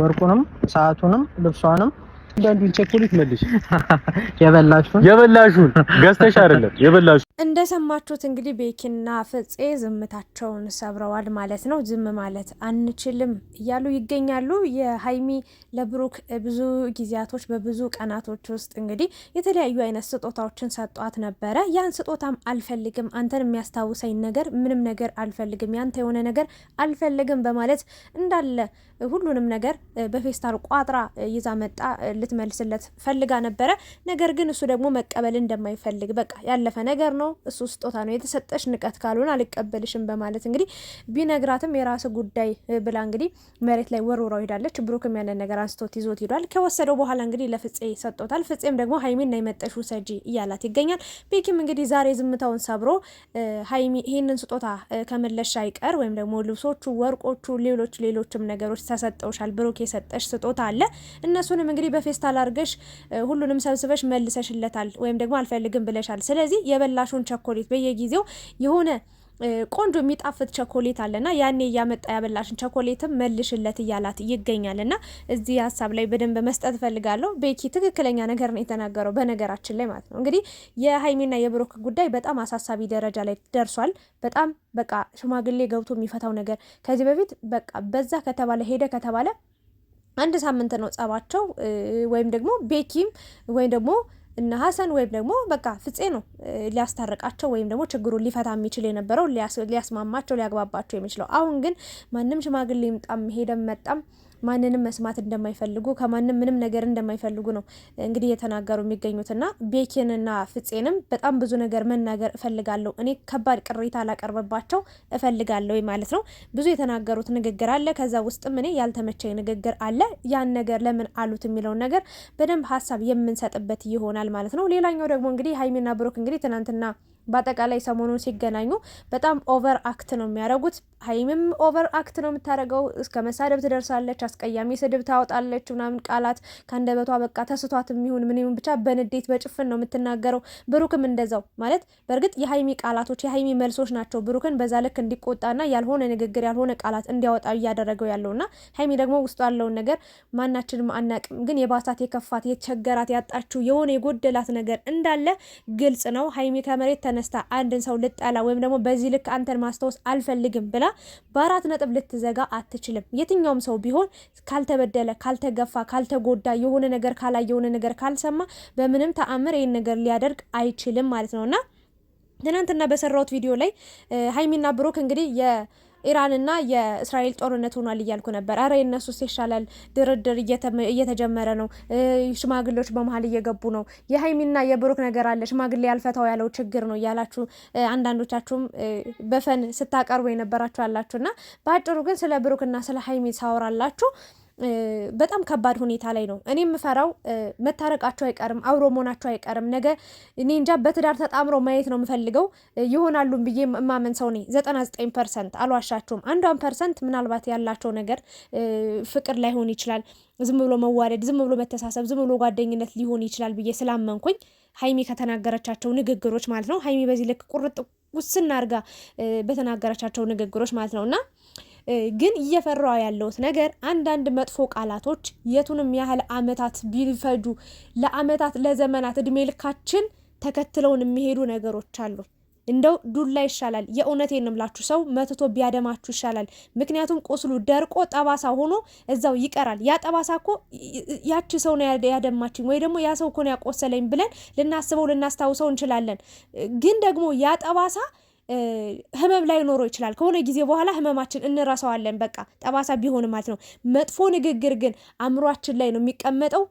ወርቁንም ሰዓቱንም ልብሷንም አንዳንዱን ቸኮሌት መልሽ። የበላሹን የበላሹን ገዝተሽ አይደለም የበላሹ እንደሰማችሁት እንግዲህ ቤኪና ፍፄ ዝምታቸውን ሰብረዋል ማለት ነው። ዝም ማለት አንችልም እያሉ ይገኛሉ። የሀይሚ ለብሩክ ብዙ ጊዜያቶች በብዙ ቀናቶች ውስጥ እንግዲህ የተለያዩ አይነት ስጦታዎችን ሰጧት ነበረ። ያን ስጦታም አልፈልግም፣ አንተን የሚያስታውሰኝ ነገር ምንም ነገር አልፈልግም፣ ያንተ የሆነ ነገር አልፈልግም በማለት እንዳለ ሁሉንም ነገር በፌስታል ቋጥራ ይዛ መጣ ልትመልስለት ፈልጋ ነበረ። ነገር ግን እሱ ደግሞ መቀበል እንደማይፈልግ በቃ ያለፈ ነገር ነው ነው፣ እሱ ስጦታ ነው የተሰጠሽ፣ ንቀት ካልሆነ አልቀበልሽም በማለት እንግዲህ ቢነግራትም የራስ ጉዳይ ብላ እንግዲህ መሬት ላይ ወርውራው ሄዳለች። ብሩክም ያንን ነገር አንስቶት ይዞት ሄዷል። ከወሰደው በኋላ እንግዲህ ለፍፄ ሰጥቶታል። ፍፄም ደግሞ ሀይሚን ና የመጠሹ ሰጂ እያላት ይገኛል። ቤኪም እንግዲህ ዛሬ ዝምታውን ሰብሮ ሀይሚ ይህንን ስጦታ ከመለሻ አይቀር ወይም ደግሞ ልብሶቹ፣ ወርቆቹ፣ ሌሎች ሌሎችም ነገሮች ተሰጠውሻል፣ ብሩክ የሰጠሽ ስጦታ አለ እነሱንም እንግዲህ በፌስታል አርገሽ ሁሉንም ሰብስበሽ መልሰሽለታል ወይም ደግሞ አልፈልግም ብለሻል። ስለዚህ የበላሽ ግማሹን ቸኮሌት በየጊዜው የሆነ ቆንጆ የሚጣፍጥ ቸኮሌት አለና ያኔ እያመጣ ያበላሽን ቸኮሌትም መልሽለት እያላት ይገኛልና እዚህ ሀሳብ ላይ በደንብ መስጠት ፈልጋለሁ ቤኪ ትክክለኛ ነገር ነው የተናገረው በነገራችን ላይ ማለት ነው። እንግዲህ የሀይሚና የብሩክ ጉዳይ በጣም አሳሳቢ ደረጃ ላይ ደርሷል። በጣም በቃ ሽማግሌ ገብቶ የሚፈታው ነገር ከዚህ በፊት በቃ በዛ ከተባለ ሄደ ከተባለ አንድ ሳምንት ነው ጸባቸው ወይም ደግሞ ቤኪም ወይም ደግሞ እና ሀሰን ወይም ደግሞ በቃ ፍፄ ነው ሊያስታርቃቸው ወይም ደግሞ ችግሩን ሊፈታ የሚችል የነበረው ሊያስማማቸው ሊያግባባቸው የሚችለው። አሁን ግን ማንም ሽማግሌ ይምጣም ሄደም መጣም ማንንም መስማት እንደማይፈልጉ ከማንም ምንም ነገር እንደማይፈልጉ ነው እንግዲህ እየተናገሩ የሚገኙትና ቤኪንና ፍፄንም በጣም ብዙ ነገር መናገር እፈልጋለሁ እኔ ከባድ ቅሬታ ላቀርበባቸው እፈልጋለሁ ማለት ነው። ብዙ የተናገሩት ንግግር አለ። ከዛ ውስጥም እኔ ያልተመቸኝ ንግግር አለ። ያን ነገር ለምን አሉት የሚለውን ነገር በደንብ ሀሳብ የምንሰጥበት ይሆናል ማለት ነው። ሌላኛው ደግሞ እንግዲህ ሀይሚና ብሩክ እንግዲህ ትናንትና በአጠቃላይ ሰሞኑን ሲገናኙ በጣም ኦቨር አክት ነው የሚያደርጉት። ሀይምም ኦቨር አክት ነው የምታደርገው። እስከ መሳደብ ትደርሳለች። አስቀያሚ ስድብ ታወጣለች፣ ምናምን ቃላት ከአንደበቷ በቃ ተስቷት የሚሆን ምን ብቻ በንዴት በጭፍን ነው የምትናገረው። ብሩክም እንደዛው ማለት በእርግጥ የሀይሚ ቃላቶች የሀይሚ መልሶች ናቸው ብሩክን በዛ ልክ እንዲቆጣና ያልሆነ ንግግር ያልሆነ ቃላት እንዲያወጣ እያደረገው ያለውና ሀይሚ ደግሞ ውስጡ ያለውን ነገር ማናችንም አናቅም፣ ግን የባሳት የከፋት የቸገራት ያጣችው የሆነ የጎደላት ነገር እንዳለ ግልጽ ነው። ሀይሚ ከመሬት ተነስታ አንድን ሰው ልጠላ ወይም ደግሞ በዚህ ልክ አንተን ማስታወስ አልፈልግም ብላ በአራት ነጥብ ልትዘጋ አትችልም። የትኛውም ሰው ቢሆን ካልተበደለ፣ ካልተገፋ፣ ካልተጎዳ የሆነ ነገር ካላየ የሆነ ነገር ካልሰማ በምንም ተአምር ይህን ነገር ሊያደርግ አይችልም ማለት ነውና ትናንትና በሰራሁት ቪዲዮ ላይ ሀይሚና ብሩክ እንግዲህ ኢራንና የእስራኤል ጦርነት ሆኗል እያልኩ ነበር። አረ የነሱ ይሻላል። ድርድር እየተጀመረ ነው። ሽማግሌዎች በመሀል እየገቡ ነው። የሀይሚና የብሩክ ነገር አለ ሽማግሌ ያልፈታው ያለው ችግር ነው እያላችሁ አንዳንዶቻችሁም በፈን ስታቀርቡ የነበራችሁ አላችሁ እና በአጭሩ ግን ስለ ብሩክና ስለ ሀይሚ ሳወራላችሁ በጣም ከባድ ሁኔታ ላይ ነው። እኔ የምፈራው መታረቃቸው አይቀርም አብሮ መሆናቸው አይቀርም። ነገ እኔ እንጃ በትዳር ተጣምሮ ማየት ነው የምፈልገው። ይሆናሉም ብዬ እማመን ሰው ነኝ። ዘጠና ዘጠኝ ፐርሰንት አልዋሻቸውም። አንዷን ፐርሰንት ምናልባት ያላቸው ነገር ፍቅር ላይሆን ይችላል። ዝም ብሎ መዋደድ፣ ዝም ብሎ መተሳሰብ፣ ዝም ብሎ ጓደኝነት ሊሆን ይችላል ብዬ ስላመንኩኝ ሀይሚ ከተናገረቻቸው ንግግሮች ማለት ነው። ሀይሚ በዚህ ልክ ቁርጥ ውስን አርጋ በተናገረቻቸው ንግግሮች ማለት ነው እና ግን እየፈራው ያለውት ነገር አንዳንድ መጥፎ ቃላቶች የቱንም ያህል አመታት ቢፈጁ ለአመታት ለዘመናት እድሜ ልካችን ተከትለውን የሚሄዱ ነገሮች አሉ። እንደው ዱላ ይሻላል። የእውነት የንምላችሁ ሰው መትቶ ቢያደማችሁ ይሻላል። ምክንያቱም ቁስሉ ደርቆ ጠባሳ ሆኖ እዛው ይቀራል። ያ ጠባሳ እኮ ያቺ ሰው ነው ያደማችኝ ወይ ደግሞ ያ ሰው እኮ ነው ያቆሰለኝ ብለን ልናስበው ልናስታውሰው እንችላለን። ግን ደግሞ ያ ጠባሳ ህመም ላይ ኖሮ ይችላል። ከሆነ ጊዜ በኋላ ህመማችን እንረሳዋለን። በቃ ጠባሳ ቢሆን ማለት ነው። መጥፎ ንግግር ግን አእምሯችን ላይ ነው የሚቀመጠው።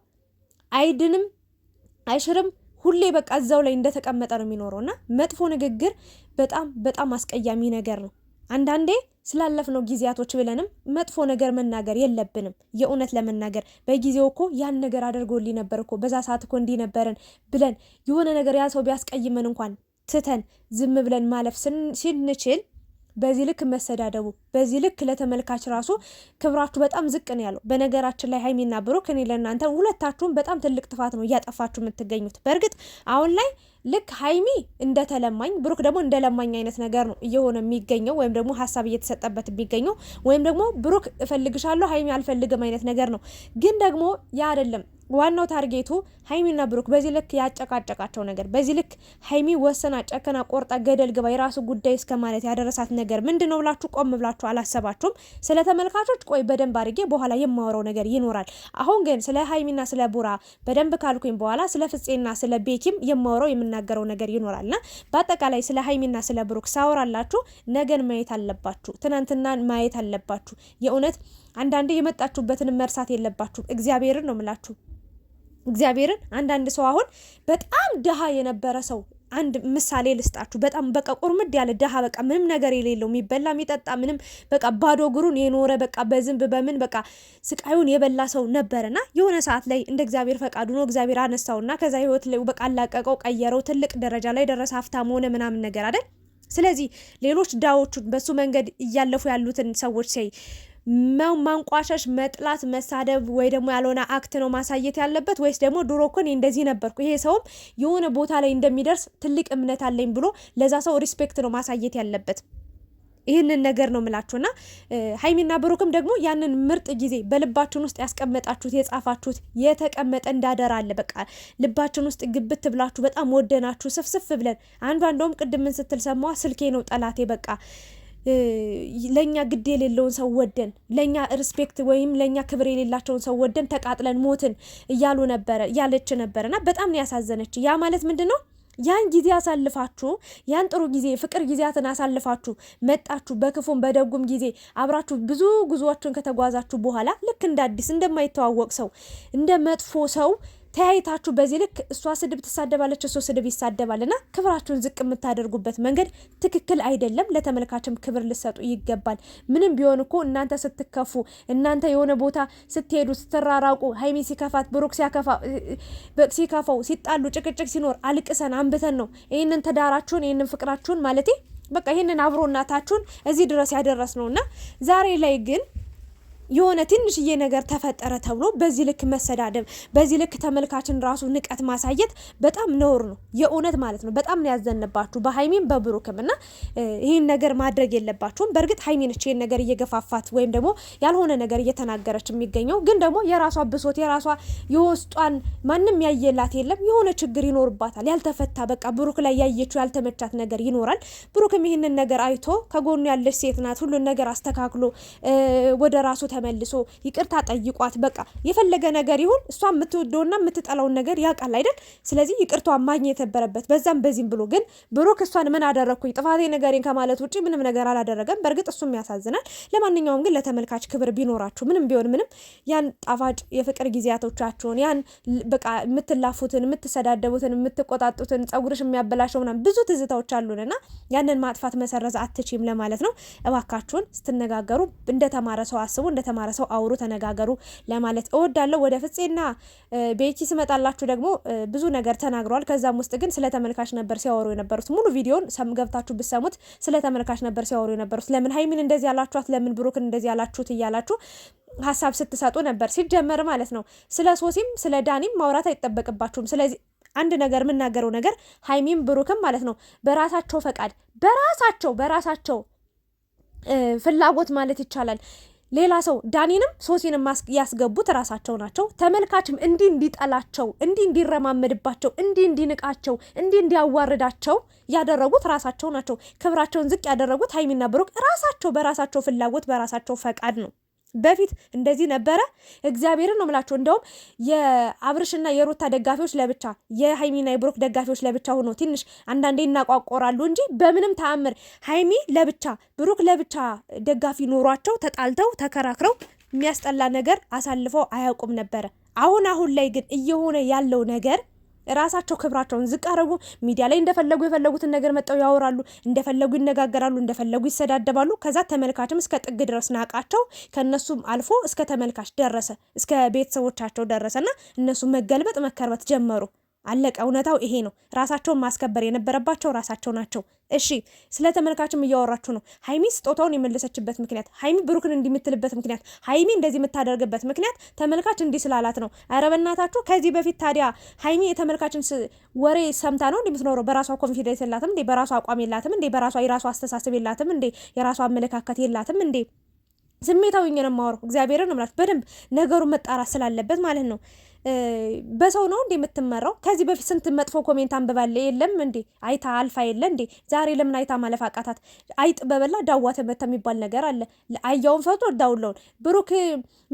አይድንም፣ አይሽርም። ሁሌ በቃ እዛው ላይ እንደተቀመጠ ነው የሚኖረው እና መጥፎ ንግግር በጣም በጣም አስቀያሚ ነገር ነው። አንዳንዴ ስላለፍነው ጊዜያቶች ብለንም መጥፎ ነገር መናገር የለብንም። የእውነት ለመናገር በጊዜው እኮ ያን ነገር አድርጎልኝ ነበር እኮ በዛ ሰዓት እኮ እንዲህ ነበረን ብለን የሆነ ነገር ያ ሰው ቢያስቀይመን እንኳን ትተን ዝም ብለን ማለፍ ስንችል በዚህ ልክ መሰዳደቡ በዚህ ልክ ለተመልካች ራሱ ክብራችሁ በጣም ዝቅ ነው ያለው። በነገራችን ላይ ሀይሚና ብሩክ እኔ ለእናንተ ሁለታችሁም በጣም ትልቅ ጥፋት ነው እያጠፋችሁ የምትገኙት። በእርግጥ አሁን ላይ ልክ ሀይሚ እንደ ተለማኝ ብሩክ ደግሞ እንደ ለማኝ አይነት ነገር ነው እየሆነ የሚገኘው ወይም ደግሞ ሀሳብ እየተሰጠበት የሚገኘው ወይም ደግሞ ብሩክ እፈልግሻለሁ ሀይሚ አልፈልግም አይነት ነገር ነው። ግን ደግሞ ያ አይደለም ዋናው ታርጌቱ ሀይሚና ብሩክ በዚህ ልክ ያጨቃጨቃቸው ነገር በዚህ ልክ ሀይሚ ወሰና ጨከና ቆርጣ ገደል ግባ የራሱ ጉዳይ እስከ ማለት ያደረሳት ነገር ምንድን ነው ብላችሁ ቆም ብላችሁ አላሰባችሁም? ስለ ተመልካቾች ቆይ በደንብ አድርጌ በኋላ የማወራው ነገር ይኖራል። አሁን ግን ስለ ሀይሚና ስለ ቡራ በደንብ ካልኩኝ በኋላ ስለ ፍፄና ስለ ቤኪም የማወራው የምናገረው ነገር ይኖራልና በአጠቃላይ ስለ ሀይሚና ስለ ብሩክ ሳወራላችሁ ነገን ማየት አለባችሁ፣ ትናንትና ማየት አለባችሁ። የእውነት አንዳንዴ የመጣችሁበትን መርሳት የለባችሁ። እግዚአብሔርን ነው ምላችሁ። እግዚአብሔርን አንዳንድ ሰው አሁን በጣም ድሃ የነበረ ሰው አንድ ምሳሌ ልስጣችሁ። በጣም በቃ ቁርምድ ያለ ደሃ በቃ ምንም ነገር የሌለው የሚበላ የሚጠጣ ምንም በቃ ባዶ እግሩን የኖረ በቃ በዝንብ በምን በቃ ስቃዩን የበላ ሰው ነበረና የሆነ ሰዓት ላይ እንደ እግዚአብሔር ፈቃዱ ነው እግዚአብሔር አነሳውና ከዛ ህይወት ላይ በቃ አላቀቀው፣ ቀየረው። ትልቅ ደረጃ ላይ ደረሰ፣ ሀብታም ሆነ ምናምን ነገር አይደል። ስለዚህ ሌሎች ዳዎቹን በሱ መንገድ እያለፉ ያሉትን ሰዎች ሲያይ ማንቋሸሽ፣ መጥላት፣ መሳደብ ወይ ደግሞ ያልሆነ አክት ነው ማሳየት ያለበት ወይስ ደግሞ ድሮ እኮ እኔ እንደዚህ ነበርኩ ይሄ ሰውም የሆነ ቦታ ላይ እንደሚደርስ ትልቅ እምነት አለኝ ብሎ ለዛ ሰው ሪስፔክት ነው ማሳየት ያለበት። ይህንን ነገር ነው ምላችሁና ሀይሚና ብሩክም ደግሞ ያንን ምርጥ ጊዜ በልባችን ውስጥ ያስቀመጣችሁት የጻፋችሁት የተቀመጠ እንዳደራ አለ። በቃ ልባችን ውስጥ ግብት ብላችሁ በጣም ወደናችሁ ስፍስፍ ብለን አንዷ እንደውም ቅድምን ስትል ሰማዋ ስልኬ ነው ጠላቴ በቃ ለእኛ ግድ የሌለውን ሰው ወደን ለእኛ ሪስፔክት ወይም ለእኛ ክብር የሌላቸውን ሰው ወደን ተቃጥለን ሞትን እያሉ ነበረ እያለች ነበረ እና በጣም ነው ያሳዘነች። ያ ማለት ምንድን ነው? ያን ጊዜ አሳልፋችሁ ያን ጥሩ ጊዜ ፍቅር ጊዜያትን አሳልፋችሁ መጣችሁ። በክፉም በደጉም ጊዜ አብራችሁ ብዙ ጉዞዎችን ከተጓዛችሁ በኋላ ልክ እንደ አዲስ እንደማይተዋወቅ ሰው እንደ መጥፎ ሰው ተያይታችሁ በዚህ ልክ እሷ ስድብ ትሳደባለች፣ እሱ ስድብ ይሳደባል እና ክብራችሁን ዝቅ የምታደርጉበት መንገድ ትክክል አይደለም። ለተመልካችም ክብር ልሰጡ ይገባል። ምንም ቢሆን እኮ እናንተ ስትከፉ፣ እናንተ የሆነ ቦታ ስትሄዱ፣ ስትራራቁ፣ ሀይሚ ሲከፋት፣ ብሩክ ሲከፋው፣ ሲጣሉ፣ ጭቅጭቅ ሲኖር አልቅሰን አንብተን ነው ይህንን ትዳራችሁን ይህንን ፍቅራችሁን ማለቴ በቃ ይህንን አብሮናታችሁን እዚህ ድረስ ያደረስ እና ዛሬ ላይ ግን የሆነ ትንሽዬ ነገር ተፈጠረ ተብሎ በዚህ ልክ መሰዳደብ፣ በዚህ ልክ ተመልካችን ራሱ ንቀት ማሳየት በጣም ነውር ነው። የእውነት ማለት ነው። በጣም ነው ያዘንባችሁ በሀይሚም በብሩክም እና ይህን ነገር ማድረግ የለባችሁም። በእርግጥ ሀይሚ ነች ይህን ነገር እየገፋፋት ወይም ደግሞ ያልሆነ ነገር እየተናገረች የሚገኘው ግን ደግሞ የራሷ ብሶት የራሷ የውስጧን ማንም ያየላት የለም። የሆነ ችግር ይኖርባታል ያልተፈታ በቃ ብሩክ ላይ ያየችው ያልተመቻት ነገር ይኖራል። ብሩክም ይህንን ነገር አይቶ ከጎኑ ያለች ሴት ናት ሁሉን ነገር አስተካክሎ ወደ ራሱ ተመልሶ ይቅርታ ጠይቋት። በቃ የፈለገ ነገር ይሁን እሷ የምትወደውና የምትጠላውን ነገር ያውቃል አይደል? ስለዚህ ይቅርቷ ማግኘት ነበረበት በዛም በዚህም ብሎ። ግን ብሩክ እሷን ምን አደረግኩኝ ጥፋቴ ነገሬን ከማለት ውጭ ምንም ነገር አላደረገም። በእርግጥ እሱም ያሳዝናል። ለማንኛውም ግን ለተመልካች ክብር ቢኖራችሁ ምንም ቢሆን ምንም ያን ጣፋጭ የፍቅር ጊዜያቶቻችሁን ያን በቃ የምትላፉትን፣ የምትሰዳደቡትን፣ የምትቆጣጡትን ጸጉርሽ የሚያበላሸው ምናምን ብዙ ትዝታዎች አሉንና ያንን ማጥፋት መሰረዝ አትችም ለማለት ነው። እባካችሁን ስትነጋገሩ እንደተማረ ሰው አስቡ። ያስተማረ ሰው አውሩ፣ ተነጋገሩ ለማለት እወዳለሁ። ወደ ፍፄና ቤኪ ስመጣላችሁ ደግሞ ብዙ ነገር ተናግረዋል። ከዛም ውስጥ ግን ስለ ተመልካች ነበር ሲያወሩ የነበሩት። ሙሉ ቪዲዮን ገብታችሁ ብሰሙት ስለ ተመልካች ነበር ሲያወሩ የነበሩት። ለምን ሀይሚን እንደዚህ ያላችኋት፣ ለምን ብሩክን እንደዚህ ያላችሁት እያላችሁ ሀሳብ ስትሰጡ ነበር። ሲጀመር ማለት ነው ስለ ሶሲም ስለ ዳኒም ማውራት አይጠበቅባችሁም። ስለዚህ አንድ ነገር የምናገረው ነገር ሀይሚም ብሩክም ማለት ነው በራሳቸው ፈቃድ በራሳቸው በራሳቸው ፍላጎት ማለት ይቻላል ሌላ ሰው ዳኒንም ሶሲንም ያስገቡት ራሳቸው ናቸው። ተመልካችም እንዲህ እንዲጠላቸው፣ እንዲህ እንዲረማመድባቸው፣ እንዲህ እንዲንቃቸው፣ እንዲህ እንዲያዋርዳቸው ያደረጉት ራሳቸው ናቸው። ክብራቸውን ዝቅ ያደረጉት ሀይሚና ብሩክ ራሳቸው በራሳቸው ፍላጎት በራሳቸው ፈቃድ ነው። በፊት እንደዚህ ነበረ። እግዚአብሔርን ነው የምላቸው። እንደውም የአብርሽና የሩታ ደጋፊዎች ለብቻ፣ የሀይሚና የብሩክ ደጋፊዎች ለብቻ ሆኖ ትንሽ አንዳንዴ እናቋቆራሉ እንጂ በምንም ተአምር ሀይሚ ለብቻ ብሩክ ለብቻ ደጋፊ ኖሯቸው ተጣልተው ተከራክረው የሚያስጠላ ነገር አሳልፈው አያውቁም ነበረ። አሁን አሁን ላይ ግን እየሆነ ያለው ነገር ራሳቸው ክብራቸውን ዝቅ አረጉ። ሚዲያ ላይ እንደፈለጉ የፈለጉትን ነገር መጠው ያወራሉ፣ እንደፈለጉ ይነጋገራሉ፣ እንደፈለጉ ይሰዳደባሉ። ከዛ ተመልካችም እስከ ጥግ ድረስ ናቃቸው። ከእነሱም አልፎ እስከ ተመልካች ደረሰ፣ እስከ ቤተሰቦቻቸው ደረሰና እነሱ መገልበጥ መከርበት ጀመሩ። አለቀ። እውነታው ይሄ ነው። ራሳቸውን ማስከበር የነበረባቸው ራሳቸው ናቸው። እሺ፣ ስለ ተመልካችም እያወራችሁ ነው። ሀይሚ ስጦታውን የመለሰችበት ምክንያት፣ ሀይሚ ብሩክን እንዲምትልበት ምክንያት፣ ሀይሚ እንደዚህ የምታደርግበት ምክንያት ተመልካች እንዲህ ስላላት ነው። ኧረ በእናታችሁ ከዚህ በፊት ታዲያ ሀይሚ የተመልካችን ወሬ ሰምታ ነው እንደምትኖረው? በራሷ ኮንፊደንስ የላትም እንዴ? በራሷ አቋም የላትም እንዴ? በራሷ የራሷ አስተሳሰብ የላትም እንዴ? የራሷ አመለካከት የላትም እንዴ? ስሜታዊ ነው የማወራው። እግዚአብሔርን እምላችሁ በደንብ ነገሩ መጣራት ስላለበት ማለት ነው። በሰው ነው እንዴ የምትመራው? ከዚህ በፊት ስንት መጥፎ ኮሜንት አንብባለ የለም እንዴ አይታ አልፋ የለ እንዴ? ዛሬ ለምን አይታ ማለፍ አቃታት? አይጥ በበላ ዳዋ ተመታ የሚባል ነገር አለ። አያውን ፈቶ ዳውላውን ብሩክ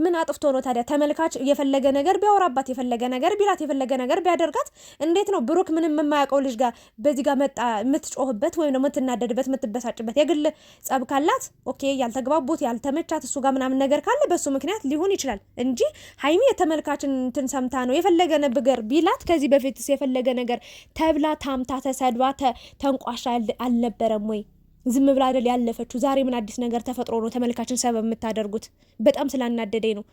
ምን አጥፍቶ ነው ታዲያ? ተመልካች የፈለገ ነገር ቢያወራባት፣ የፈለገ ነገር ቢላት፣ የፈለገ ነገር ቢያደርጋት እንዴት ነው ብሩክ ምንም የማያውቀው ልጅ ጋር በዚህ ጋር መጣ የምትጮህበት ወይም የምትናደድበት የምትበሳጭበት? የግል ጸብ ካላት ኦኬ፣ ያልተግባቡት ያልተመቻት እሱ ጋር ምናምን ነገር ካለ በሱ ምክንያት ሊሆን ይችላል እንጂ ሀይሚ የተመልካችን ሰምታ ነው የፈለገ ነገር ቢላት ከዚህ በፊትስ የፈለገ ነገር ተብላ ታምታ ተሰድባ ተንቋሻ አልነበረም ወይ? ዝም ብላ አይደል ያለፈችው? ዛሬ ምን አዲስ ነገር ተፈጥሮ ነው ተመልካችን ሰበብ የምታደርጉት? በጣም ስላናደደኝ ነው።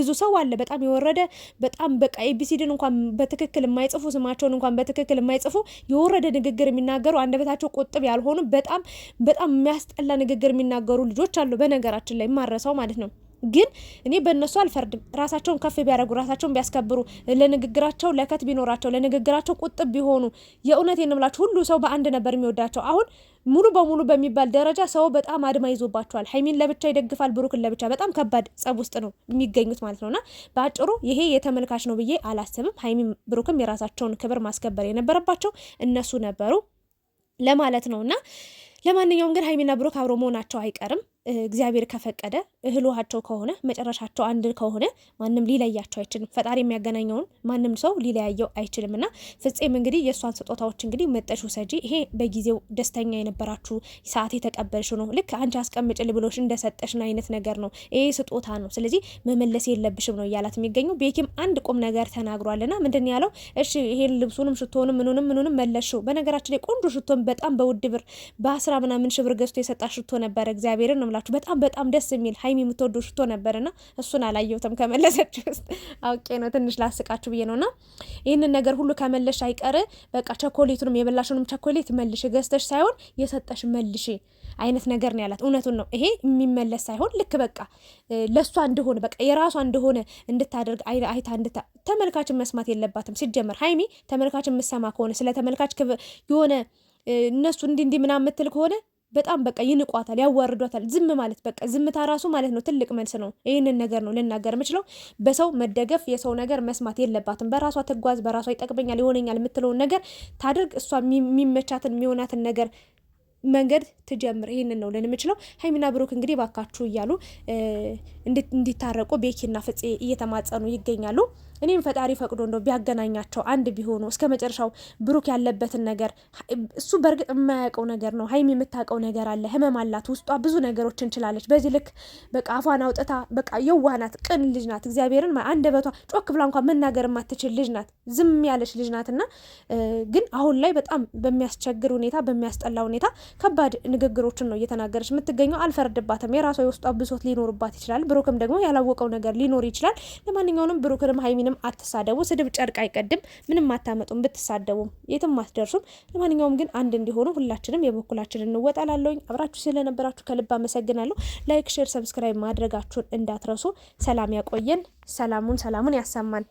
ብዙ ሰው አለ በጣም የወረደ በጣም በቃ ኤቢሲድን እንኳን በትክክል የማይጽፉ ስማቸውን እንኳን በትክክል የማይጽፉ የወረደ ንግግር የሚናገሩ አንደበታቸው ቁጥብ ያልሆኑ በጣም በጣም የሚያስጠላ ንግግር የሚናገሩ ልጆች አሉ። በነገራችን ላይ ማረሰው ማለት ነው ግን እኔ በእነሱ አልፈርድም። ራሳቸውን ከፍ ቢያደርጉ፣ ራሳቸውን ቢያስከብሩ፣ ለንግግራቸው ለከት ቢኖራቸው፣ ለንግግራቸው ቁጥብ ቢሆኑ፣ የእውነት የንምላቸው ሁሉ ሰው በአንድ ነበር የሚወዳቸው። አሁን ሙሉ በሙሉ በሚባል ደረጃ ሰው በጣም አድማ ይዞባቸዋል። ሀይሚን ለብቻ ይደግፋል፣ ብሩክን ለብቻ። በጣም ከባድ ጸብ ውስጥ ነው የሚገኙት ማለት ነውና በአጭሩ ይሄ የተመልካች ነው ብዬ አላስብም። ሀይሚን ብሩክም የራሳቸውን ክብር ማስከበር የነበረባቸው እነሱ ነበሩ ለማለት ነው እና ለማንኛውም ግን ሀይሚና ብሩክ አብሮ መሆናቸው አይቀርም። እግዚአብሔር ከፈቀደ እህል ውሃቸው ከሆነ መጨረሻቸው አንድ ከሆነ ማንም ሊለያቸው አይችልም። ፈጣሪ የሚያገናኘውን ማንም ሰው ሊለያየው አይችልም እና ፍጼም እንግዲህ የእሷን ስጦታዎች እንግዲህ መጠሹ ሰጂ ይሄ በጊዜው ደስተኛ የነበራችሁ ሰዓት የተቀበልሽ ነው። ልክ አንቺ አስቀምጭል ብሎሽ እንደሰጠሽን አይነት ነገር ነው። ይሄ ስጦታ ነው፣ ስለዚህ መመለስ የለብሽም ነው እያላት የሚገኘው። ቤኪም አንድ ቁም ነገር ተናግሯል ና ምንድን ያለው እሺ፣ ይሄን ልብሱንም ሽቶንም ምኑንም ምኑንም መለሽው። በነገራችን ላይ ቆንጆ ሽቶን በጣም በውድ ብር በአስራ ምናምን ሽብር ገዝቶ የሰጣ ሽቶ ነበረ እግዚአብሔርን ነው የምላችሁ በጣም በጣም ደስ የሚል ሀይሚ የምትወዱ ሽቶ ነበርና እሱን አላየሁትም። ከመለሰች ውስጥ አውቄ ነው ትንሽ ላስቃችሁ ብዬ ነውና ይህንን ነገር ሁሉ ከመለሽ አይቀር በቃ ቸኮሌቱንም የበላሽንም ቸኮሌት መልሽ፣ ገዝተሽ ሳይሆን የሰጠሽ መልሽ አይነት ነገር ነው ያላት። እውነቱን ነው ይሄ የሚመለስ ሳይሆን ልክ በቃ ለእሷ እንደሆነ በቃ የራሷ እንደሆነ እንድታደርግ አይታ እንድታ ተመልካችን መስማት የለባትም ሲጀመር ሀይሚ ተመልካችን የምሰማ ከሆነ ስለ ተመልካች የሆነ እነሱ እንዲ እንዲ ምናምን የምትል ከሆነ በጣም በቃ ይንቋታል፣ ያዋርዷታል። ዝም ማለት በቃ ዝምታ ራሱ ማለት ነው ትልቅ መልስ ነው። ይህንን ነገር ነው ልናገር የምችለው። በሰው መደገፍ፣ የሰው ነገር መስማት የለባትም። በራሷ ትጓዝ፣ በራሷ ይጠቅመኛል፣ ይሆነኛል የምትለውን ነገር ታድርግ። እሷ የሚመቻትን የሚሆናትን ነገር መንገድ ትጀምር። ይህንን ነው ልን የምችለው። ሀይሚና ብሩክ እንግዲህ ባካችሁ እያሉ እንዲታረቁ ቤኪና ፍፄ እየተማጸኑ ይገኛሉ። እኔም ፈጣሪ ፈቅዶ እንደው ቢያገናኛቸው አንድ ቢሆኑ እስከ መጨረሻው ብሩክ ያለበትን ነገር እሱ በእርግጥ የማያውቀው ነገር ነው። ሀይሚ የምታውቀው ነገር አለ። ህመም አላት። ውስጧ ብዙ ነገሮችን ችላለች። በዚህ ልክ በቃ አፏን አውጥታ በቃ የዋህ ናት። ቅን ልጅ ናት። እግዚአብሔርን አንደበቷ ጮክ ብላ እንኳ መናገር የማትችል ልጅ ናት። ዝም ያለች ልጅ ናት እና ግን አሁን ላይ በጣም በሚያስቸግር ሁኔታ፣ በሚያስጠላ ሁኔታ ከባድ ንግግሮችን ነው እየተናገረች የምትገኘው። አልፈርድባትም። የራሷ የውስጧ ብሶት ሊኖርባት ይችላል። ብሩክም ደግሞ ያላወቀው ነገር ሊኖር ይችላል። ለማንኛውንም ብሩክንም ሀይሚንም አትሳደቡ። ስድብ ጨርቅ አይቀድም። ምንም አታመጡም፣ ብትሳደቡም የትም አትደርሱም። ለማንኛውም ግን አንድ እንዲሆኑ ሁላችንም የበኩላችን እንወጣላለሁኝ። አብራችሁ ስለነበራችሁ ከልብ አመሰግናለሁ። ላይክ፣ ሼር፣ ሰብስክራይብ ማድረጋችሁን እንዳትረሱ። ሰላም ያቆየን። ሰላሙን ሰላሙን ያሰማን።